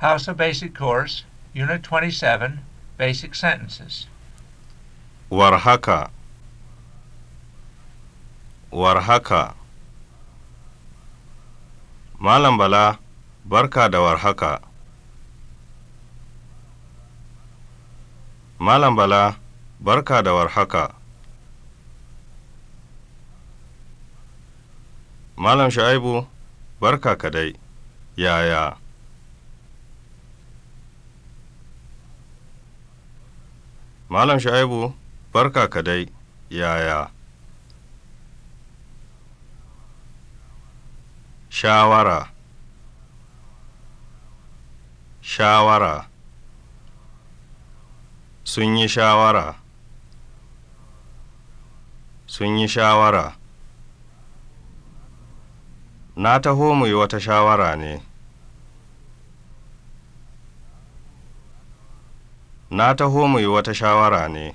House of Basic Course, Unit 27, Basic Sentences. Warhaka. Warhaka. Malam Bala, barka da warhaka. Malam Bala, barka da warhaka. Malam Sha'ibu, barka kadai. Yaya? Malam Sha'ibu, barka ka dai, yaya? Shawara Shawara Sun yi shawara Sun yi shawara Na taho mu yi wata shawara ne. na taho mu yi wata shawara ne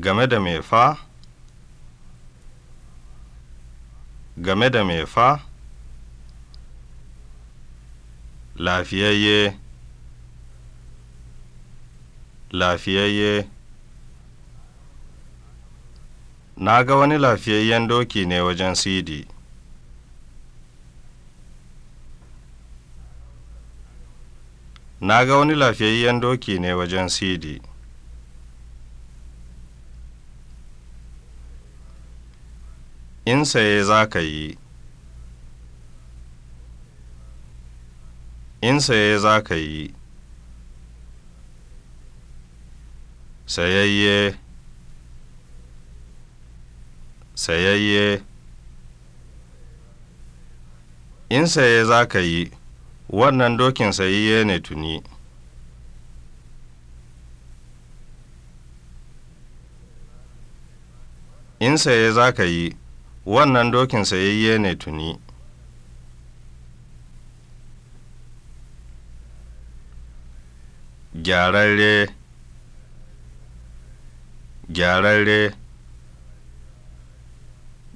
game da me fa game da me fa lafiyayye lafiyayye na ga wani lafiyayyen doki ne wajen sidi na ga wani lafiyayyen doki ne wajen CD. in saye za ka yi in saye za ka yi sayayye sayayye in saye za ka yi wannan dokin sayayye ne tuni in saye za ka yi wannan dokin sayayye ne tuni gyararre gyararre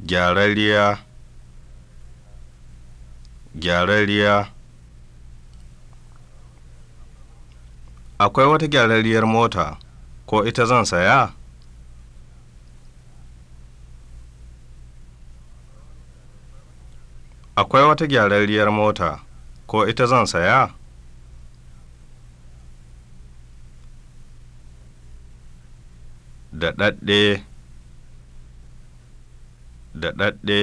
gyararriya gyararriya akwai wata gyararriyar mota ko ita zan saya akwai wata gyararriyar mota ko ita zan saya da ɗaɗɗe da ɗaɗɗe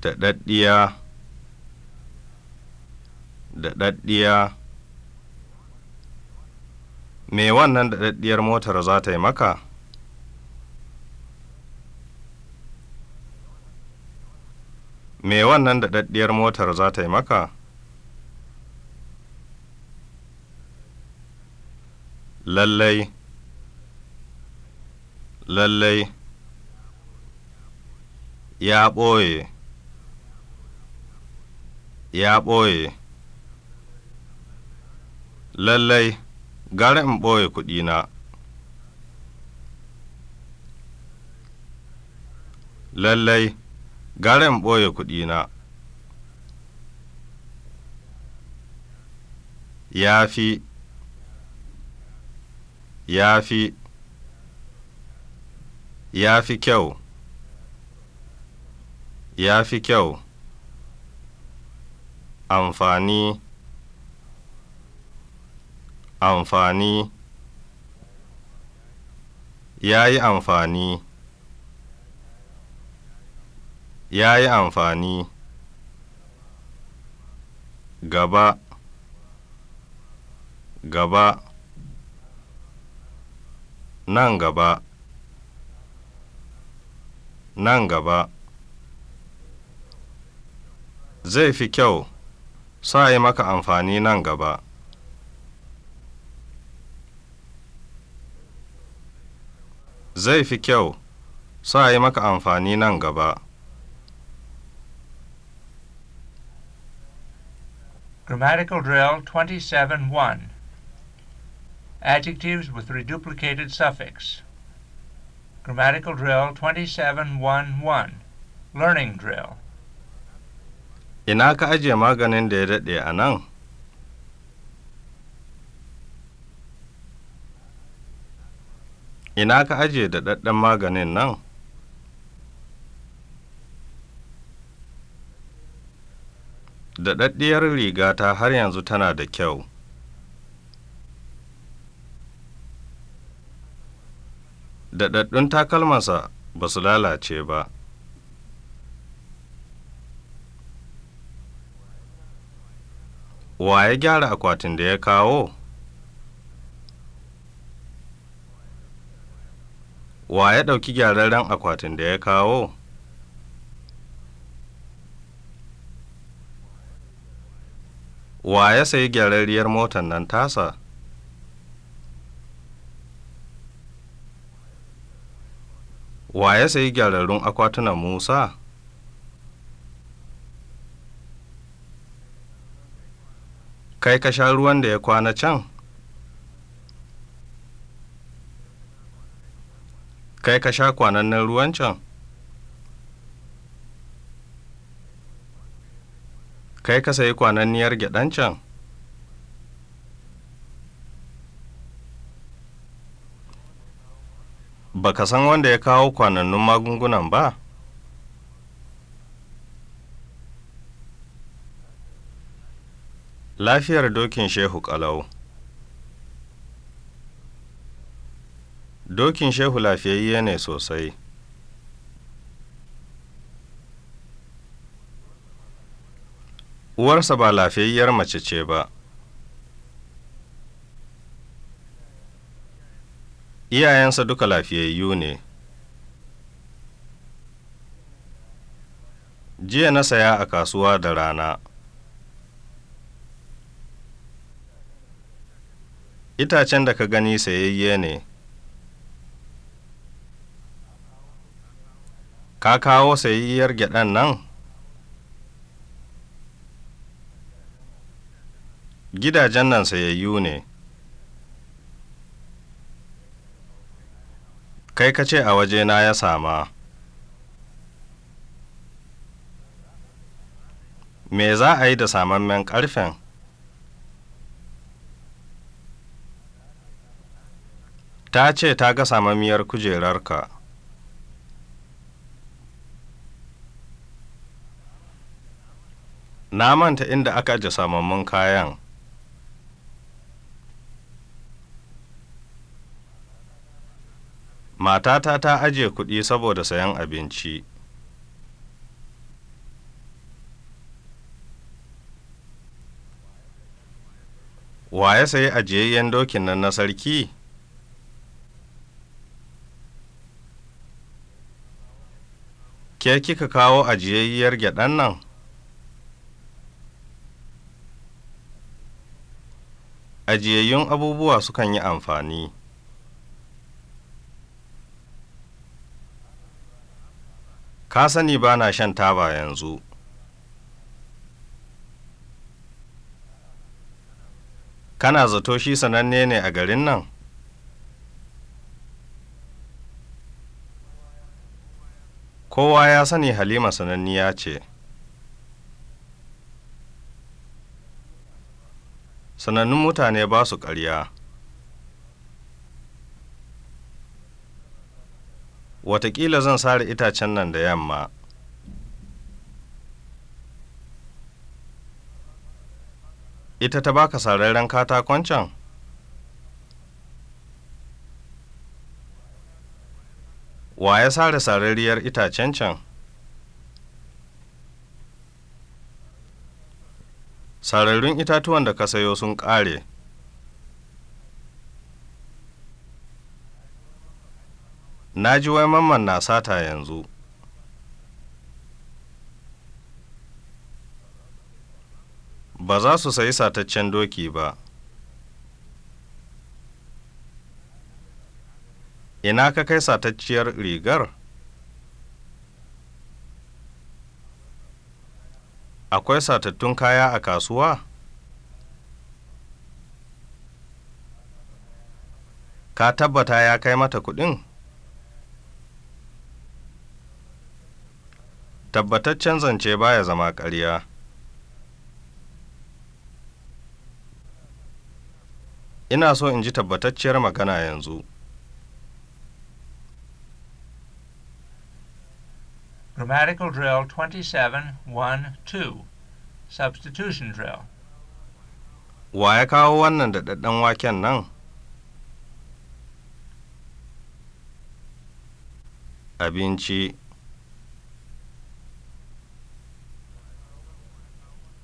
da ɗaɗɗiya da ɗaɗɗiya me wannan daɗaɗɗiyar motar za ta yi maka me wannan daɗaɗɗiyar motar za ta yi maka lallai lallai ya ɓoye ya ɓoye lallai gara in ɓoye kuɗina lallai gara in ɓoye kuɗina ya fi ya fi ya fi kyau ya fi kyau amfani amfani ya yi amfani ya yi amfani gaba gaba nan gaba nan gaba zai fi kyau sa yi maka amfani nan gaba zai fi kyau sa yi maka amfani nan gaba Grammatical Drill 27.1 Adjectives with reduplicated suffix Grammatical Drill 27.1.1 Learning Drill Ina ka ajiye maganin da ya daɗe a nan? Ina ka ajiye daɗaɗɗen maganin nan? Daɗaɗɗiyar rigata har yanzu tana da kyau. Daɗaɗɗun takalmansa ba su lalace ba. Wa ya gyara akwatin da ya kawo? wa ya ɗauki gyararren akwatin da ya kawo wa ya sayi gyararriyar motar nan tasa wa ya sayi gyararrun akwatunan musa kai ka sha ruwan da ya kwana can Kai ka sha kwanan nan ruwan can? Kai ka sayi kwananniyar gyaɗan can? Ba ka san wanda ya kawo kwanannun magungunan ba? Lafiyar dokin Shehu Kalau Dokin Shehu lafiyayye ne sosai. Uwarsa ba lafiyayyar mace ce ba. Iyayensa duka lafiyayyu ne. Jiya na saya a kasuwa da rana. Itacen da ka gani sayayye ne. ka kawo sayayyar gyaɗan nan gidajen nan sayayyu ne kai ka ce a waje na ya sama me za a yi da samammen ƙarfen ta ce ta ga samammiyar kujerarka na manta inda aka aje samammun kayan matata ta ajiye kuɗi saboda sayan abinci wa ya sayi ajiyayyen dokin nan na sarki ke kika kawo ajiyayyiyar gyaɗan nan ajiyayyun abubuwa sukan yi amfani ka sani ba na shan taba yanzu kana zato shi sananne ne a garin nan kowa ya sani halima sananniya ce sanannun mutane ba su ƙarya Wataƙila zan sare itacen nan da yamma ita ta baka sararren katakon can wa ya sare sarariyar itacen can Sararin itatuwan da ka sayo sun ƙare. Na ji wai mamman na sata yanzu. Ba za su sayi sataccen doki ba. Ina ka kai satacciyar rigar? Akwai satattun kaya a kasuwa? Ka tabbata ya kai mata kuɗin? Tabbataccen zance baya zama ƙarya. Ina so in ji tabbatacciyar magana yanzu. Grammatical Drill 27 1 2 Substitution Drill Wa ya kawo wannan daɗaɗɗen waken nan? Abinci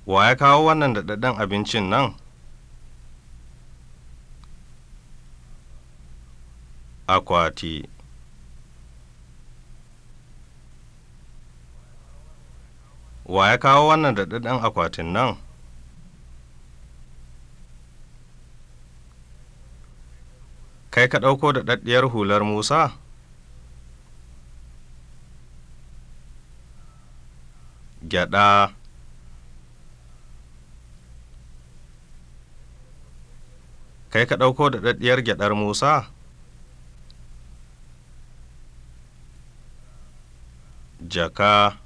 Wa ya kawo wannan daɗaɗɗen abincin nan? Akwati wa ya kawo wannan daɗaɗɗen akwatin nan kai ka ɗauko daɗaɗɗiyar hular musa gyaɗa kai ka ɗauko daɗaɗɗiyar gyaɗar musa jaka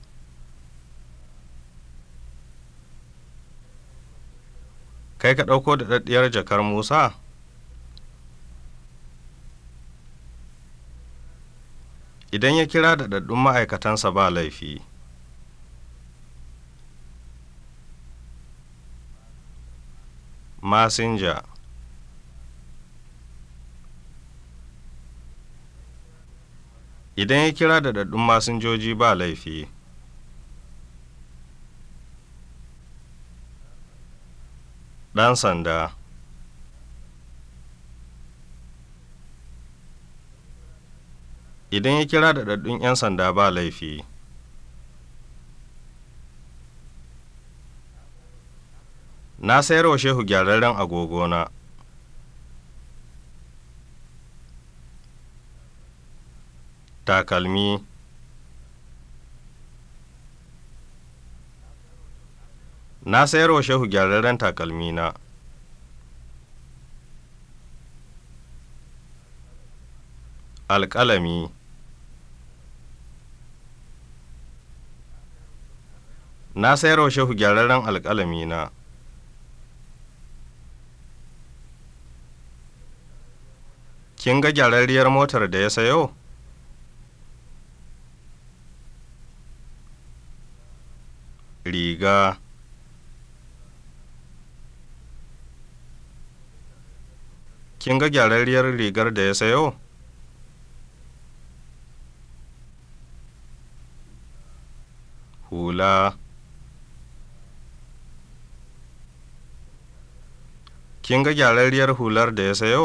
kai ka ɗauko da daddiyar jakar musa idan ya kira da daddun ma'aikatansa ba laifi masinja idan ya kira da daddun masinjoji ba laifi ɗan sanda idan ya kira da ɗaɗɗun 'yan sanda ba laifi na sayar wa shehu gyararren agogona takalmi na sayar wa shehu gyararren takalmi na. alƙalami na sayar wa shehu gyararren alƙalami na. kin ga gyararriyar motar da ya sayo riga kin ga gyararriyar rigar da ya sayo hula kin ga gyararriyar hular da ya sayo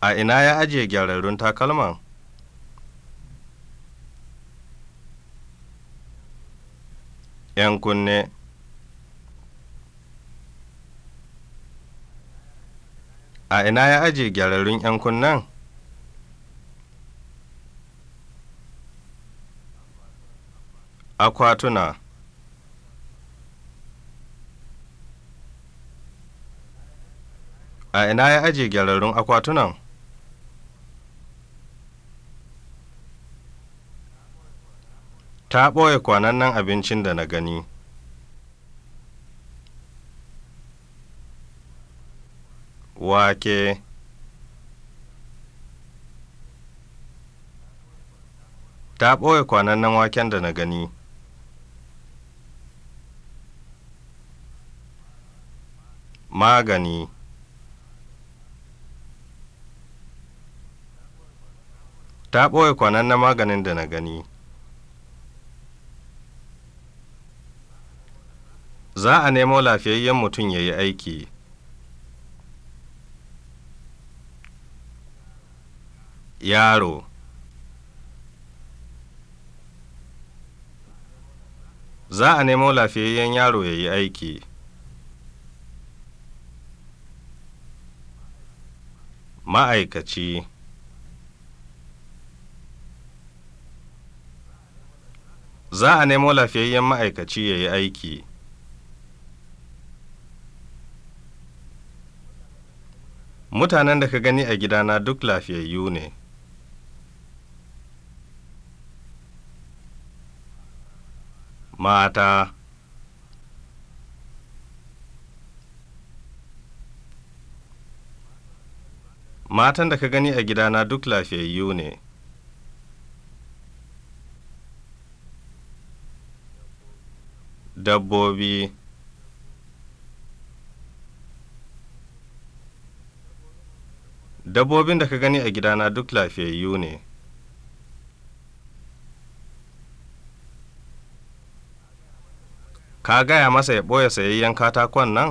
a ina ya ajiye gyararrun takalman ‘yan kunne a ina ya aje gyararrun 'yan kunnen? akwatuna a ina ya aje gyararrun akwatunan ta ɓoye kwanan nan abincin da na gani wake ta ɓoye kwanan nan waken da na gani magani ta ɓoye kwanan na maganin da na gani za a nemo lafiyayyen mutum ya yi aiki yaro za a nemo lafiyayyen yaro ya yi aiki ma'aikaci za a nemo lafiyayyen ma'aikaci ya yi aiki mutanen da ka gani a gidana duk lafiyayyu ne mata matan da ka gani a gidana duk lafiyayyu ne dabbobi dabbobin da ka gani a gidana duk lafiyayyu ne ka gaya masa ya ɓoye sayayyen katakon nan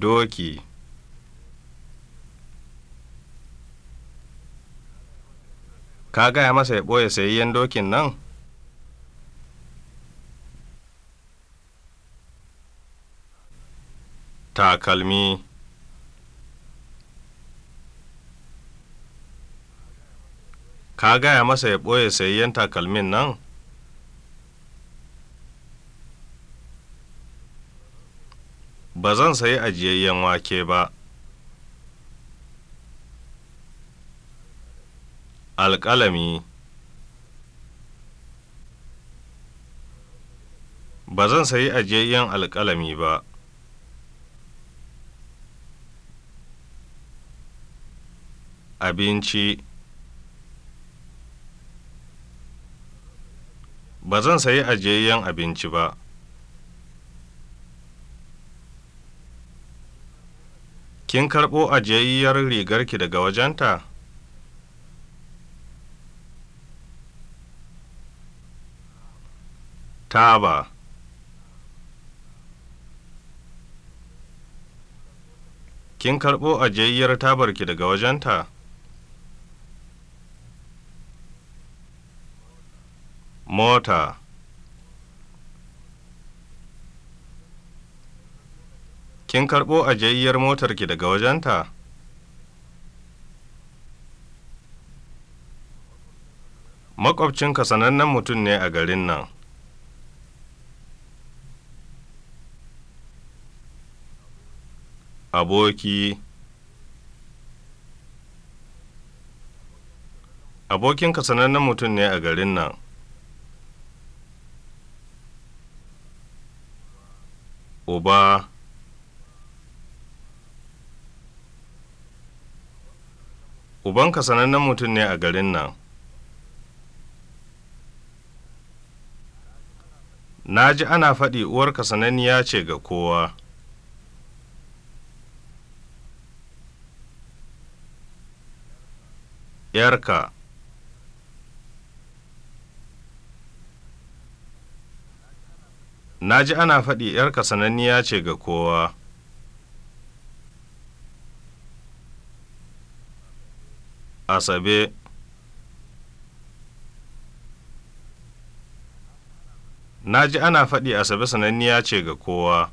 doki ka gaya masa ya ɓoye sayayyen dokin nan takalmi ka gaya masa ya ɓoye sayayyen takalmin nan ba zan sayi ajiyayyen wake ba alƙalami ba zan sayi ajiyayyen alƙalami ba abinci ba zan sayi ajiyayyen abinci ba kin karɓo ajiyayyar rigarki daga wajenta taba kin karɓo ajiyayyar tabarki daga wajenta mota kin karɓo ajayyar motarki daga wajenta makwabcinka sanannen mutum ne a garin nan aboki abokinka sanannen mutum ne a garin nan uba ubanka sanannen mutum ne a garin nan na ji ana faɗi uwarka sananniya ce ga kowa ‘yarka na ji ana faɗi ‘yarka sananniya ce ga kowa asabe na ji ana faɗi asabe sananniya ce ga kowa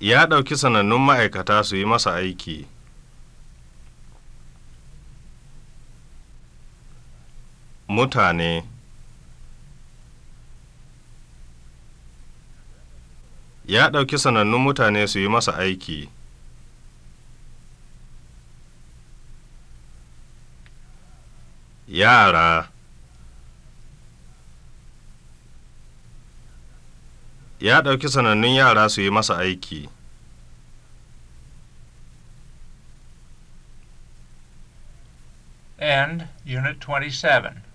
ya ɗauki sanannun ma'aikata su yi masa aiki mutane ya ɗauki sanannun mutane su yi masa aiki yara ya ɗauki sanannun yara su yi masa aiki and Unit 27